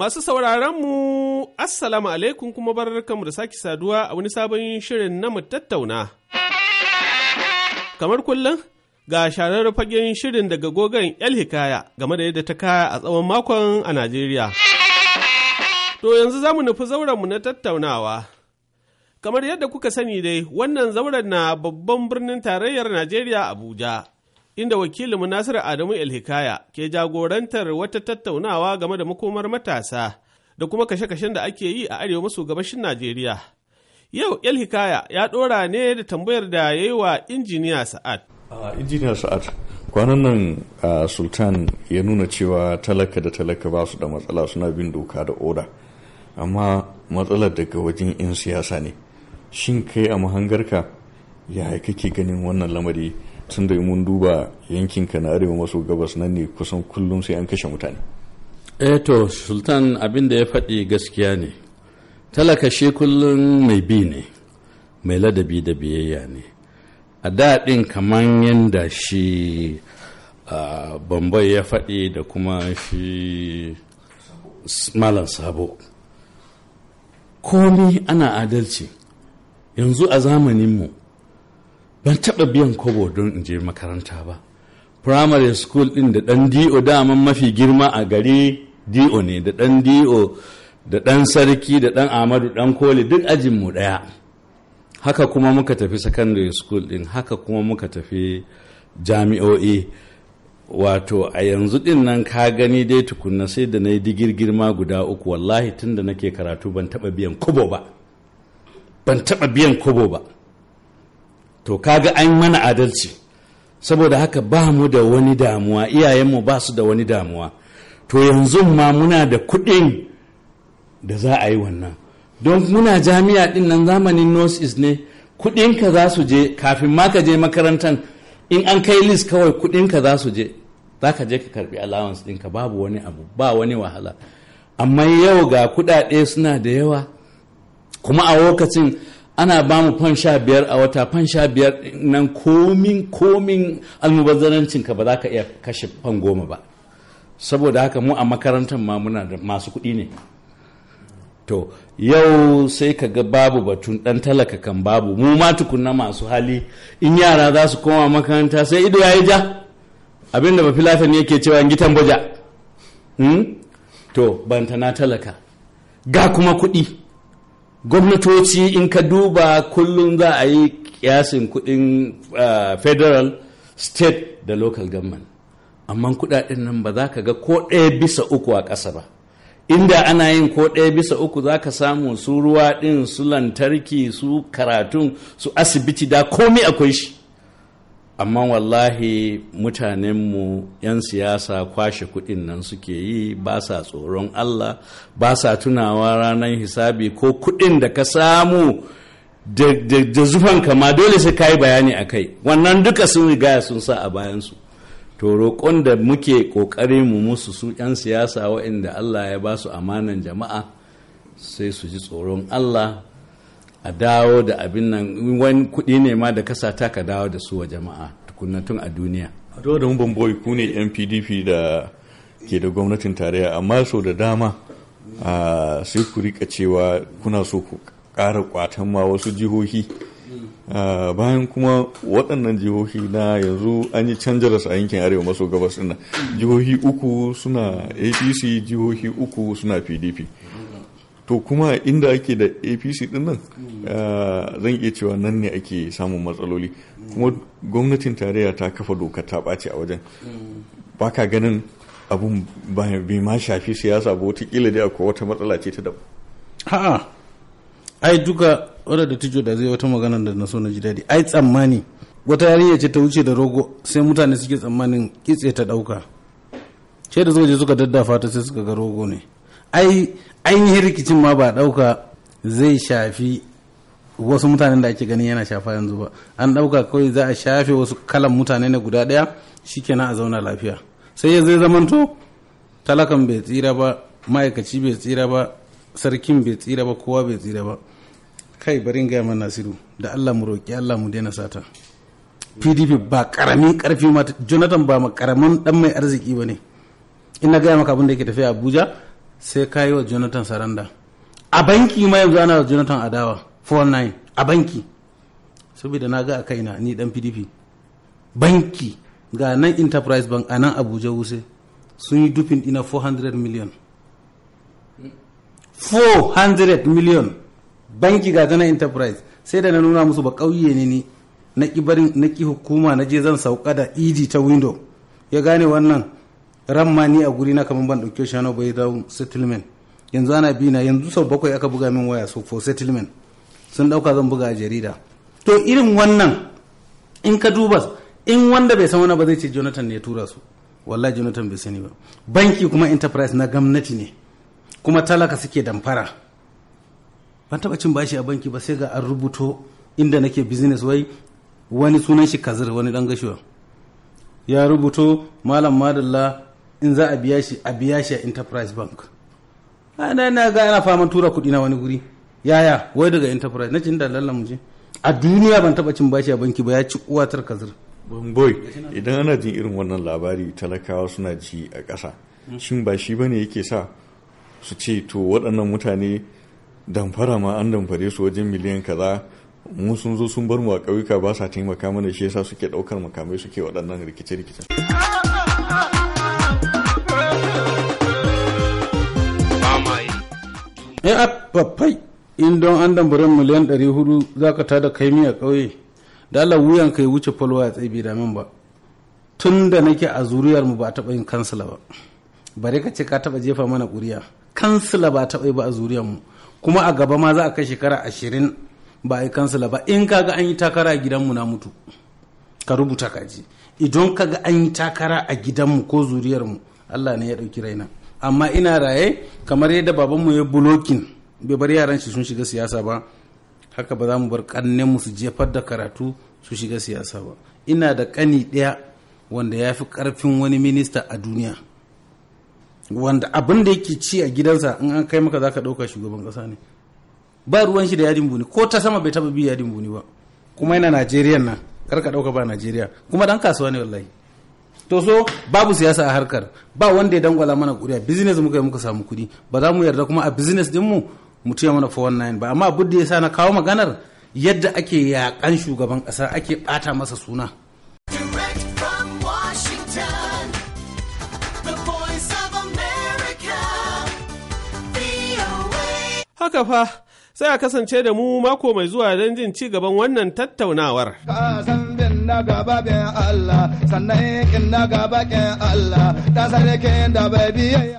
Masu sauraron mu Assalamu alaikum kuma barkanmu da sake saduwa a wani sabon shirin na mu tattauna. Kamar kullum ga sharar fagen shirin daga gogon El Hikaya game da yadda ta kaya a tsawon makon a Najeriya. To yanzu za mu nufi zaurenmu na tattaunawa. Kamar yadda kuka sani dai, wannan zauren na babban birnin tarayyar Najeriya Abuja. inda wakilinmu Nasiru Adamu Elhikaya ke jagorantar wata tattaunawa game da makomar matasa da kuma kashe-kashen da ake yi a arewa maso gabashin Najeriya. Yau Elhikaya ya ɗora ne da tambayar da ya yi wa injiniya Sa'ad. Injiniya Sa'ad, kwanan nan Sultan ya nuna cewa talaka da talaka ba su da matsala suna bin doka da oda, amma matsalar daga wajen 'yan siyasa ne. Shin kai a mahangarka ya kake ganin wannan lamari tun da mun duba yankinka na arewa maso gabas nan ne kusan kullum sai an kashe mutane eh to sultan abin da ya faɗi gaskiya ne talaka shi kullum mai bi ne mai ladabi da biyayya ne a daɗin kamar yadda shi bambai ya faɗi da kuma shi malam sabo komi ana adalci yanzu a zamaninmu ban taɓa biyan kobo don in je makaranta ba primary school ɗin da ɗan do dama mafi girma a gari do ne da ɗan do da ɗan sarki da ɗan amadu ɗan koli duk ajinmu ɗaya haka kuma muka tafi secondary school ɗin haka kuma muka tafi jami'o'i wato a yanzu ɗin nan ka gani dai tukunna sai da na yi digirgirma guda uku wallahi tun da nake karatu ban taɓa biyan kobo ba ban taɓa biyan kobo ba to kaga an mana adalci saboda haka ba mu da wani damuwa iyayenmu ba su da wani damuwa to yanzu ma muna da kuɗin da za a yi wannan don muna jami'a ɗin nan zamanin north east ne kuɗinka za su je kafin ma ka je makarantar in an kai list kawai kuɗinka za su je za ka je ka karbi allowance ɗinka babu wani abu ba wani wahala amma yau ga kuɗaɗe suna da yawa kuma a lokacin ana ba mu fan sha biyar a wata fan sha biyar nan komin komin almubazzarancin ka ba za ka iya kashe fan goma ba saboda haka mu a makarantar ma muna da masu kuɗi ne to yau sai ka ga babu batun ɗan talaka kan babu mu ma tukunna masu hali in yara za su koma makaranta sai ido ya yi ja abinda ba ne yake cewa gitan baja hmm? to na talaka ga kuma kuɗi gwamnatoci in ka duba kullum za a yi kiyasin kudin federal state da local government amma kudaden nan ba za ka ga ko ɗaya bisa uku a ƙasa ba inda ana yin ko ɗaya bisa uku za ka samu su ruwa ɗin su lantarki su karatun su asibiti da komi akwai shi amma wallahi mutanenmu 'yan siyasa kwashe kudin nan suke yi ba sa tsoron allah ba sa tunawa ranar hisabi ko kudin da ka samu da zufan kama dole sai ka yi bayani a kai wannan duka sun rigaya sun sa a bayansu to roƙon da muke ƙoƙari mu musu su 'yan siyasa waɗanda allah ya ba su amanan jama'a sai su ji tsoron allah a dawo da abin nan wani kuɗi ne ma da kasata ka dawo da su wa jama'a tukunnatun a duniya. a da mun bamboyi ku ne yan pdp da ke da gwamnatin tarayya amma sau da dama sai ku rika cewa kuna so ku ƙara kwatan ma wasu jihohi bayan kuma waɗannan jihohi na yanzu an yi da a yankin arewa maso gabas ɗin jihohi uku suna apc jihohi uku suna pdp to kuma inda ake da apc din nan eh, zan iya cewa nan ne ake samun matsaloli kuma gwamnatin tarayya ta kafa doka ta ɓace a wajen baka ganin abun bai ma shafi siyasa ba watakila dai akwai wata matsala ce ta daba Ha'a ai duka wadda da tijo da zai wata magana da na so na ji daɗi ai tsammani wata yarinya ce ta wuce da rogo sai mutane suke tsammanin kitse ta ɗauka ce da zoje suka daddafa ta sai suka ga rogo ne ai ainihin rikicin ma ba dauka zai shafi wasu mutanen da ake gani yana shafa yanzu ba an ɗauka kawai za a shafe wasu kalan mutane ne guda ɗaya shikenan a zauna lafiya sai ya zai zamanto talakan bai tsira ba ma'aikaci bai tsira ba sarkin bai tsira ba kowa bai tsira ba kai barin gaya man nasiru da allah mu roƙi allah mu daina sata pdp ba karamin karfi ma jonathan ba karamin dan mai arziki ba ne in na gaya maka abin da yake tafiya abuja sai ka yi wa jonathan saranda a banki ma yanzu ana wa jonathan adawa 49 a banki saboda na ga a kaina ni dan pdp banki ga nan enterprise bank a nan abuja wuse sun yi dufin ina 400 million 400 million banki ga nan enterprise sai da na nuna musu ba kauye ne ni na ki hukuma na je zan sauka da ed ta window ya gane wannan ran ma ni a guri na kamar ban dauke shi na bai dawo settlement yanzu ana bi na yanzu sau bakwai aka buga min waya so for settlement sun dauka zan buga a jarida to irin wannan in ka duba in wanda bai san wani ba zai ce Jonathan ne ya tura su wallahi Jonathan bai sani ba banki kuma enterprise na gwamnati ne kuma talaka suke damfara ban taba cin bashi a banki ba sai ga an rubuto inda nake business wai wani sunan shi kazir wani dan gashiwa ya rubuto malam madalla in za a biya shi a biya shi a enterprise bank ana na ga ana fama tura kuɗi na wani guri yaya wai daga enterprise na cin da lallan mu a duniya ban taba cin bashi a banki ba ya ci uwatar kazir boy idan ana jin irin wannan labari talakawa suna ji a ƙasa shin ba shi bane yake sa su ce to waɗannan mutane damfara ma an damfare su wajen miliyan kaza mu sun zo sun bar mu a ƙauyuka ba sa taimaka mana shi yasa suke ɗaukar makamai suke waɗannan rikice-rikice. a abbabai in don an dambarin miliyan 400 za ka tada kai miya kauye da Allah wuyan kai wuce falwa ya tsaye da min ba tun da nake a zuriyar mu ba a taɓa yin kansila ba bare ka ce ka taba jefa mana ƙuriya kansila ba a taɓa yi ba a zuriyar mu kuma a gaba ma za a kai shekara ashirin ba a yi kansila ba in ka ga an yi takara a gidanmu na mutu ka rubuta ka kaji idan ga an yi takara a gidan mu ko zuriyar mu Allah ne ya ɗauki raina amma ina raye kamar yadda babanmu ya bulokin bai bar yaran shi sun shiga siyasa ba haka ba za mu bar mu su jefar da karatu su shiga siyasa ba ina da kani ɗaya wanda ya fi ƙarfin wani minista a duniya wanda abin da yake ci a gidansa in an kai maka za ka ɗauka shugaban ƙasa ne ba ruwan shi da yadin buni ko ta sama bai taba bi yadin buni ba kuma yana najeriya nan kar ka ɗauka ba najeriya kuma dan kasuwa ne wallahi to so babu siyasa a harkar ba wanda ya dangwala mana kuri a business muka yi muka samu kuɗi ba za mu yarda kuma a business din mu mu ce mana 419 ba amma abu da ya sa na kawo maganar yadda ake yakan shugaban ƙasa ake ɓata masa suna haka fa sai a kasance da mu mako mai zuwa don jin ci gaban wannan tattaunawar.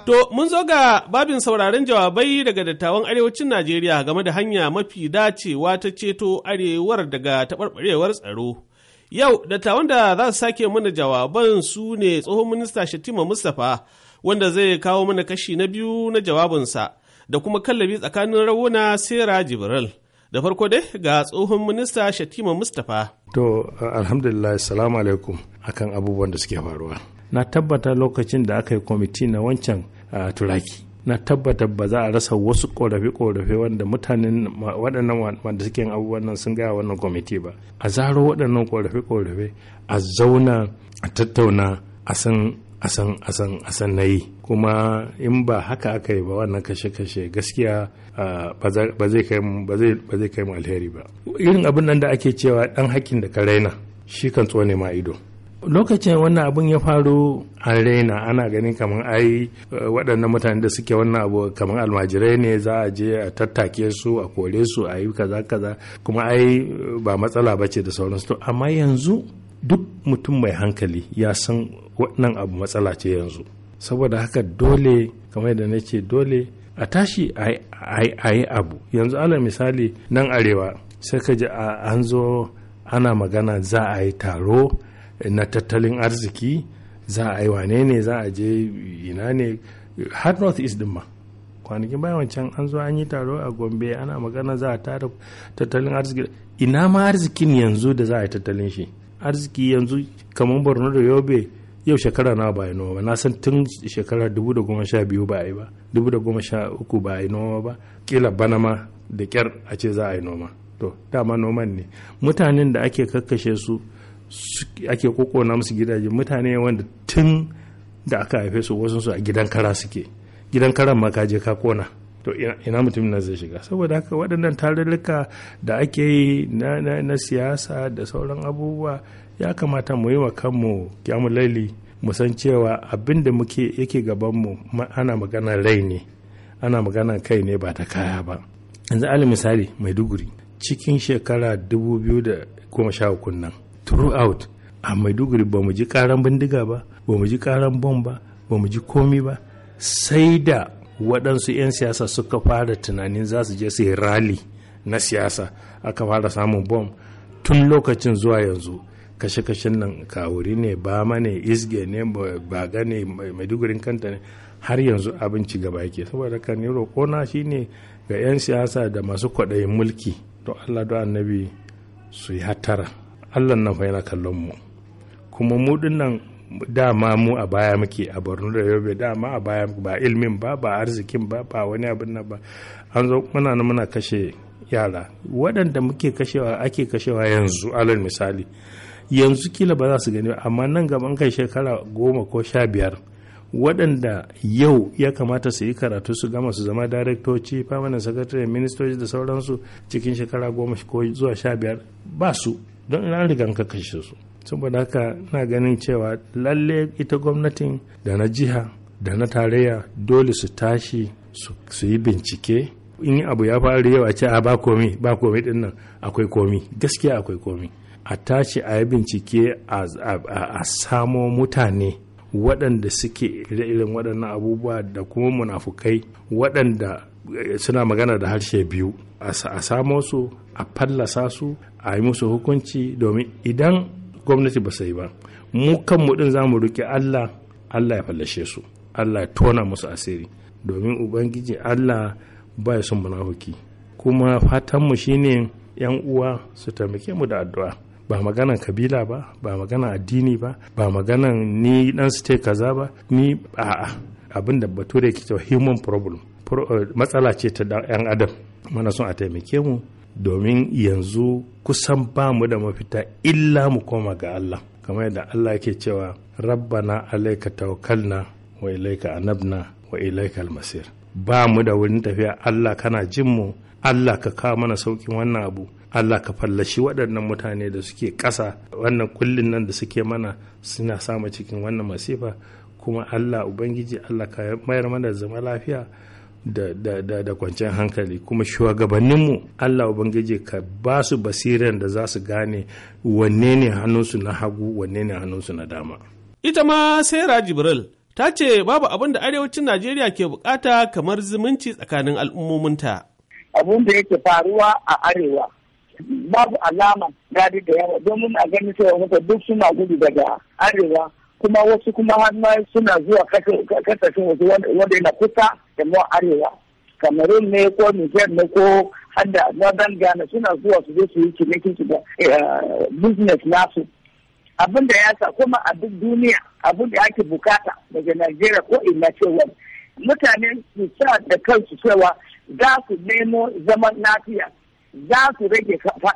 To mun zo ga babin sauraron jawabai daga dattawan arewacin Najeriya game da hanya mafi dacewa ta ceto arewar daga taɓarɓarewar tsaro. Yau dattawan da za su sake mana jawaban su ne tsohon minista Shatima Mustapha wanda zai kawo mana kashi na biyu na jawabinsa. da kuma kallabi tsakanin rawuna Sera Jibril. Da farko dai ga tsohon minista Shatima Mustapha. To, alhamdulillah, salamu alaikum akan abubuwan da suke faruwa. Na tabbata lokacin da aka yi kwamiti na wancan turaki. na tabbata ba za a rasa wasu korafe-korafe wanda mutanen waɗannan wanda suke abubuwan nan sun gaya wannan kwamiti ba a zaro waɗannan korafe-korafe a zauna a tattauna a san asan asan asan na yi kuma in ba haka aka yi ba wannan kashe-kashe gaskiya ba zai kai mu alheri ba irin abin nan da ake cewa dan hakkin da ka raina shi kan tsone ma ido lokacin wannan abun ya faru an raina ana ganin kamar ai e, waɗannan mutane da suke wannan abu kamar almajirai ne za a je a tattake su a kore su a yi kaza kaza kuma ai ba matsala ba ce da sauransu to amma yanzu duk mutum mai hankali ya san waɗannan abu matsala ce yanzu saboda haka dole kamar da ce dole a tashi a yi abu yanzu ala misali nan arewa sai ka ji an zo ana magana za a yi taro na tattalin arziki za a yi wane ne za a je ina ne har north east din ma kwanakin bayan wancan an zo an yi taro a gombe ana magana za a tara tattalin arziki ina ma arzikin yanzu da za a yi tattalin shi arziki yanzu kamar borno da yobe yau shekara na ba a noma ba na san tun shekara 2012 ba a yi ba 2013 ba a yi noma ba kila banama da kyar a ce za a yi noma to dama noman ne mutanen da ake kakkashe su ake kokona musu gidaje mutane wanda tun da aka haife su wasu su a gidan kara suke gidan karan ma ka je ka kona to ina mutum na zai shiga saboda haka waɗannan tarurruka da ake yi na siyasa da sauran abubuwa ya kamata mu yi wa kanmu kyamun laili mu san cewa abin da muke yake gabanmu ana magana rai ne ana magana kai ne ba ta kaya ba yanzu alal misali maiduguri cikin shekara 2013 nan throughout a maiduguri ba mu ji karan bindiga ba ba mu ji karan bom ba ba mu ji komi ba sai da waɗansu 'yan siyasa suka fara tunanin za su je su yi rali na siyasa aka fara samun bom tun lokacin zuwa yanzu kashe-kashen nan kawuri ne bama ne isge ne ga ne maidugurin kanta ne har yanzu abin ci gaba yake saboda ka ni roƙona ne ga 'yan siyasa da masu kwaɗayin mulki don allah don annabi su yi hattara allah nan fa kallon mu kuma mu nan dama mu a baya muke a borno da yobe dama a baya ba ilmin ba ba arzikin ba ba wani abin nan ba an zo muna muna kashe yara waɗanda muke kashewa ake kashewa yanzu alal misali yanzu kila ba za su gani ba amma nan gaban kai shekara goma ko sha biyar waɗanda yau ya kamata su yi karatu su gama su zama daraktoci permanent secretary ministoci da sauransu cikin shekara goma ko zuwa sha biyar ba su don ina rigan ka kashe su saboda haka na ganin cewa lalle ita gwamnatin da na jiha da na tarayya dole su tashi su yi bincike in abu ya faru yau a ce a ba komi ba komi din nan akwai komi gaskiya akwai komi a tashi a yi bincike a samo mutane waɗanda suke ire-iren waɗannan abubuwa da kuma munafukai waɗanda eh, suna magana da harshe biyu a samo su a fallasa su a yi musu hukunci domin idan gwamnati ba sai ba mu kanmu ɗin za mu riƙe allah allah ya fallashe su allah ya tona musu asiri domin ubangiji allah ba ya son munafuki kuma fatanmu shine 'yan uwa su taimake mu da addu'a ba maganan kabila ba ba maganan addini ba ba maganan ni dan state kaza ba ni a'a abin da bature ke cewa human problem eh, matsala ce ta yan adam mana son a taimake mu domin yanzu kusan ba mu da mafita illa mu koma ga Allah kamar yadda Allah yake cewa rabbana alaika tawakkalna wa ilaika anabna wa ilaika almasir ba mu da wurin tafiya Allah kana jin mu Allah ka kawo mana saukin wannan abu Allah ka fallashi waɗannan mutane da suke ƙasa wannan kullin nan da suke mana suna samu cikin wannan masifa kuma Allah Ubangiji Allah ka mayar mana zama lafiya da, da, da, kwanciyar hankali kuma shugabanninmu Allah Ubangiji ka ba su basiran da za su gane wanne ne hannunsu na hagu wanne ne hannunsu na dama. Ita ma Sarah Jibril ta ce babu abin da arewacin Najeriya ke bukata kamar zumunci tsakanin al'ummominta. Abin da yake faruwa a arewa babu alama gadi da yawa domin a ganin cewa wata duk suna gudu daga arewa kuma wasu kuma har ma suna zuwa kasashen wasu wanda yana kusa da mu arewa cameroon ne ko niger ne ko hadda northern ghana suna zuwa su zo su yi cinikin da eh, business nasu abin da ya sa kuma a duk duniya abin da ake bukata daga najeriya ko ina cewa mutane su sa da kansu cewa za su nemo zaman lafiya za su rage faɗa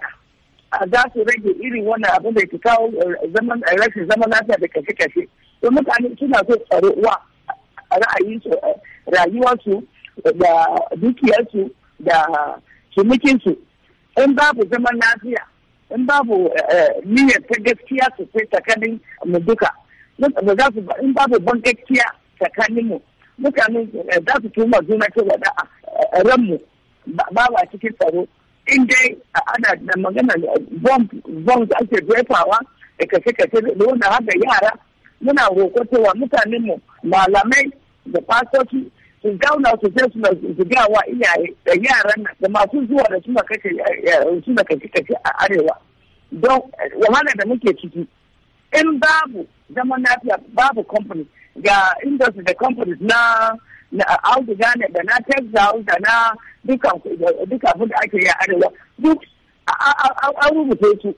za su rage irin wannan abin da ke kawo eh, zaman eh, rashin zaman lafiya da kashe kashe to mutane suna so tsaro wa ra'ayi su eh, da su da su in babu zaman lafiya in babu niyyar ta gaskiya sai tsakanin mu duka in babu ban gaskiya tsakanin mu mutane za su tuma juna cewa da ranmu ba wa cikin tsaro in dai ana da magana bomb da ake jefawa da kashe-kashe da wanda haka yara muna rokotowa mutanenmu malamai da fasoci su gauna su sai su gawa iyaye da yaran da masu zuwa da suna kashe suna a arewa don wahala da muke ciki in babu zaman lafiya babu company ga industry da companies na na auduga da na Texas, da na duka abin da ake yi a arewa duk an rubuta su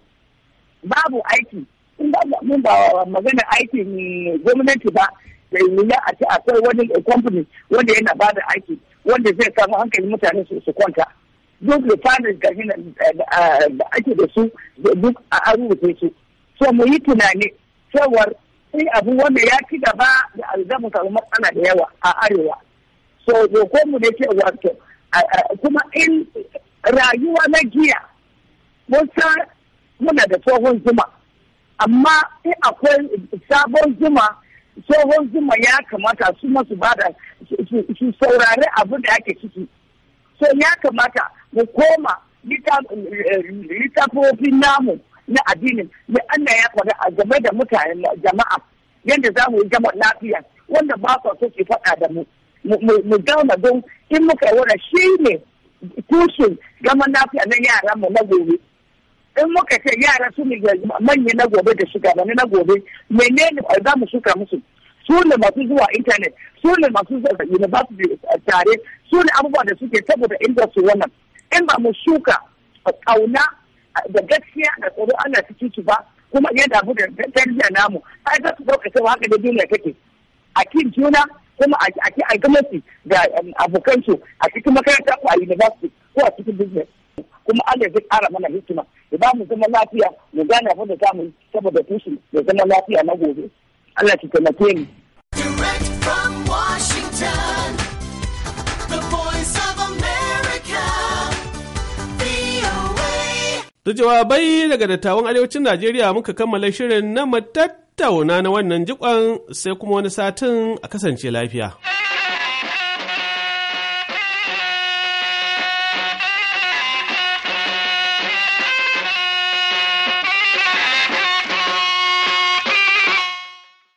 babu aiki in ba mun ba magana aiki ne gwamnati ba da yi a ce akwai wani company wanda yana ba da aiki wanda zai kama hankali mutane su kwanta duk da tsarin gari da ake da su duk a rubuta su so mu yi tunani cewar sai abu wanda ya ci gaba da zamu samu matsala da yawa a arewa so roƙon mu ne ke wato kuma in rayuwa na giya musa muna da tsohon zuma amma in akwai sabon zuma tsohon zuma ya kamata su masu bada su saurari abu da ake ciki so ya kamata mu koma littafofin eh, namu na addinin mai Allah ya faɗa a game da mutanen jama'a yadda za mu yi gama lafiya wanda ba su so ke faɗa da mu mu gauna don in muka wura shi ne tushen gaman lafiya na yara mu na gobe in muka ce yara su ne manyan na gobe da shiga ba na gobe menene za mu shuka musu su ne masu zuwa intanet su ne masu university tare su ne abubuwa da suke saboda inda su wannan in ba mu shuka kauna da gaskiya da tsaro ana ciki ki ba kuma yadda abu da daraja namu ai za su dauka cewa haka da duniya take a kin juna kuma a ki a da um, abokansu a cikin makaranta ko a university ko a cikin business kuma Allah zai kara mana hikima ya ba mu zama lafiya mu gane abin da za mu yi saboda tushen da zama lafiya na gobe Allah ki taimake mu. Direct from Da jawabai daga dattawan arewacin Najeriya muka kammala shirin na matattauna na wannan jikon sai kuma wani satin a kasance lafiya.